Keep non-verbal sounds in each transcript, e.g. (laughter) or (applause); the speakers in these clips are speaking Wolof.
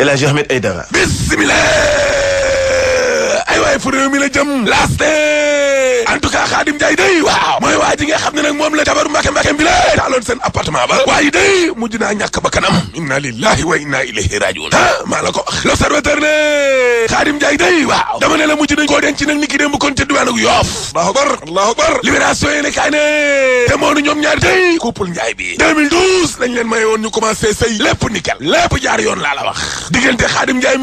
El Hadj Ahmed Aïdara bismillah ay waay fu réew mi la jëm laaste tout cas Njaay day waaw mooy waa ji nga ne nag moom la jabaru Mbàkke Mbàkke bi taaloon seen appartement ba waaye day mujj naa ñàkk ba kanam inna lillahi wa inna ilayhi rajiun ah maa la ko wax l'observateur ne Xaadim Njaay day waaw dama ne la mujj nañ koo denc nag ni ki démb kon ca diwaan ak Yoof allahu akbar allahu akbar libération yi ne kaay ne te moonu ñoom ñaari day couple Njaay bi 2012 lañ leen maye woon ñu commencé sëy lépp nickel lépp jaar yoon laa wax diggante Xaadim Njaay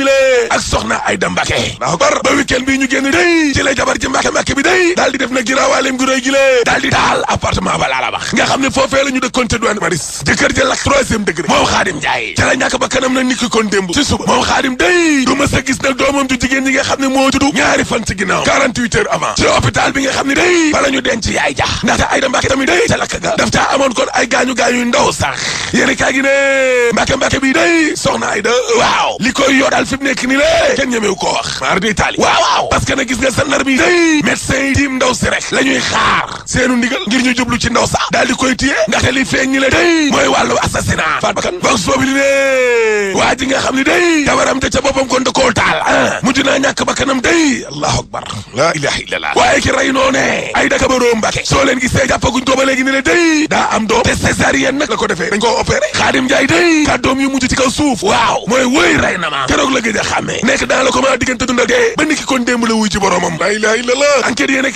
na giraawaaleem gu rëy gi lée daal di taal appartement ba laa la wax nga xam ne foofee la ñu dëkkoon te doon maris jëkkër ja lakk troisième degré moom xaadim Njaay ca ndaxte ay da tamit day ca lakk ga daf caa amoon kon ay gaañu-gaañuy ndaw sax yéeni ne mbàkke-mbàkke bi day soxna ay waaw li koy yoo daal fi nekk ni lé kenn ñemewu koo wax maar di taali waaw waaw parce na gis nga sa bi day médecin yi tim ndaw si si rek la ñuy xaar seenu ndigal ngir ñu jublu ci ndaw sax daal di koy téye ndaxte li feeñ ñi la day mooy wàllu assassinat faat bakkan vox populi ne waa ji nga xam ne day jabaram te ca boppam kon da koo taal ah mujj naa ñàkk bakkanam day allahu akbar la ilaha illallah waaye ki rey noo ne ay daka baroom mbake soo leen gisee jàppaguñ ko ba léegi ne le day da am doom te césarienne nag la ko defee dañ koo opéré xaadim njaay day kàddoom yu mujj ci kaw waaw mooy wëy rey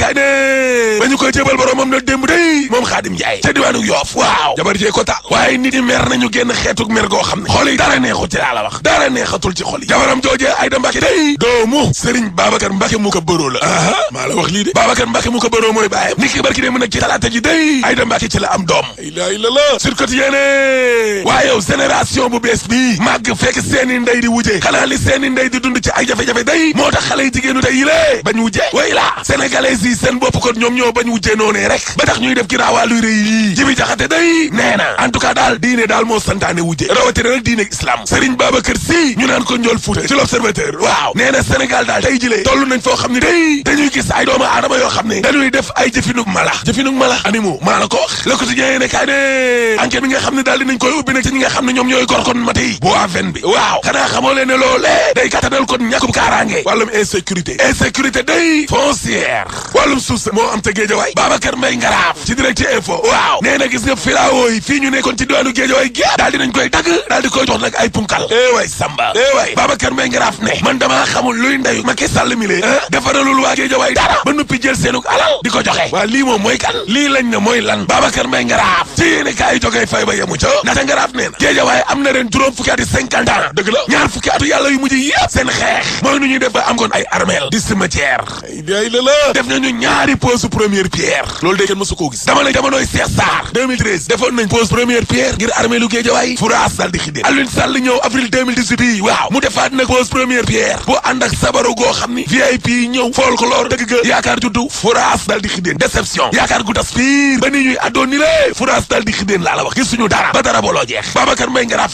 a ba ñu koy jébal boroomam na démb day moom xaadim njaay ca diwaanu yoof waaw jabar jee ko taal waaye nit yi mer nañu génn xeetuk mer goo xam ne xol yi dara neexu ci laa la wax dara neexatul ci xol yi jabaram joojee Ayda Mbàkke day doomu Sëriñ Babacar Mbàkke mu ko bëroo la aha maa la wax lii de Babacar Mbàkke mu ko bëroo mooy bàyyam nit ki dee mën a ci talaata ji day Ayda Mbàkke ci la am doom ilaa waaye yow génération bu bees moo tax xale yi jigéenu tey yi lée bañ wujee way laa bopp kon ñoom ñoo bañ wujjee noonee rek ba tax ñuy def giraawaa rëy yii jibi jaxate day nee na daal diine daal moo santaane wujje rawatina nag diine islam Serigne Babacar Sy ñu naan ko njool fuuta ci l'observateur waaw nee Sénégal daal tey jilee toll nañ foo xam ne day dañuy gis ay doomu aadama yoo xam ne dañuy def ay jëfinug mala jëfinug mala animaux maa la ko wax le quotidien nga xam ne ñoom ñooy gorkon mate yi bu aven bi waaw xanaa xamoo leen course moo am ca géejawaay Babacar Mbaye Ngaraaf ci direct info waaw nee gis nga filao yi fii ñu nekkoon ci diwaanu géejawaay gépp daal dinañ koy dagg daal di koy eh eh ah, joxe waa lii moom mooy lii lañ ne mooy lan Babacar Mbaye Ngaraaf ci yéene kaay jógee fay ba yemu ca Ngaraaf nee géejawaay am na ren juróom fukki ati cinquante ans dëgg la ñaar fukki atu yàlla yu mujj yëpp seen xeex mooy nu ñuy def ba am koon ay armeel di cimetière def nañu ñaar ñaari pose première pierre loolu de kenn mësu koo gis dama ne jamonoy Cheikh Sarr defoon nañ pose première pierre ngir armée lu Guédiawaye furaas dal di xidéen Alioune Sall ñëw avril 2018 waaw mu defaat nag pose première pierre bu ànd ak sabaru goo xam ni VIP ñëw folklore dëgg ga yaakaar juddu furaas dal di xidéen déception yaakaar gu piir ba ni ñuy addoon ni lée furaas dal di xidéen laa la wax gis suñu dara ba dara booloo jeex Babacar Mbaye ngaraaf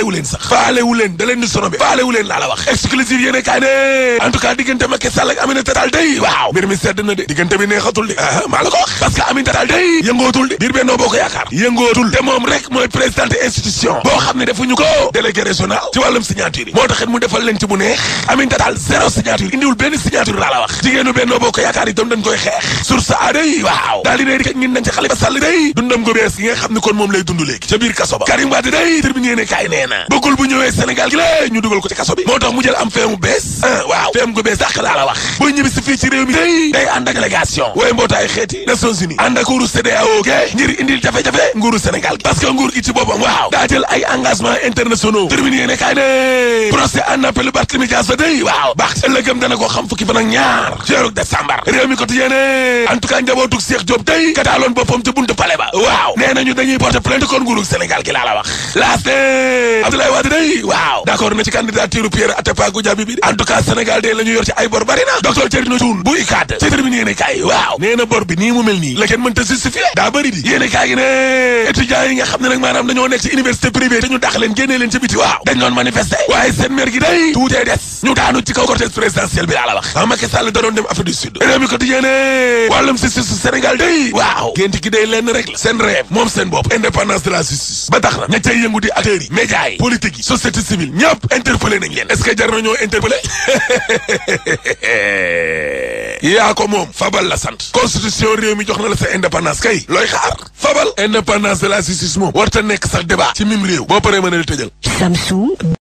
faalewu leen sax faalewu leen da laa la wax exclusive yéene kaay ne en tout cas diggante Macky Sall ak Aminata Tall waaw mbir mi sedd na de diggante bi neexatul de ah maa la ko Yaakaar yëngootul te moom rek mooy présidente institution boo xam ne defuñu ko délégué régional ci wàllum signature yi moo taxit mu defal leen ci bu neex Aminata Tall zéro signature indiwul benn signature laa la wax jigéenu Benno Bokk Yaakaar itam dañ koy xeex na bëggul bu ñëwee Sénégal gi la ñu dugal ko ci kaso bi moo tax mu jël am feemu bees ah, waaw feem gu bees dàq laa la wax bu ñibbi fii ci réew mi day day ànd ak délégation waaye xeeti Nations Unies ànd ak nguuru CEDEAO ge ngir indil jafe-jafe nguuru Sénégal gi laa la wax ne waaw d'accord na ci candidature Pierre Atepa Goudiaby bi en Sénégal day la ñu yor ci ay bor bari na docteur Thierno bu UCAD ci termine yéene waaw nee bor bi nii mu mel nii la kenn mënta justifier daa bëri di yéene gi ne étudiants yi nga xam ne nag maanaam dañoo nekk ci université privée te ñu dàq leen génnee leen ci biti waaw dañ doon waaye seen maire gi day tuutee des ñu daanu ci kaw cortège présidentiel bi laa la a ah, Macky la yi politique yi société civile ñëpp interpellé nañ leen est-ce que jar na ñoo interpellé (laughs) yaa ko moom fabal la sant constitution réew mi jox na la sa indépendance kay looy xaar fabal indépendance de la justice moom warta nekk sax débat ci mim réew boo paree mën a di tëjal Samsung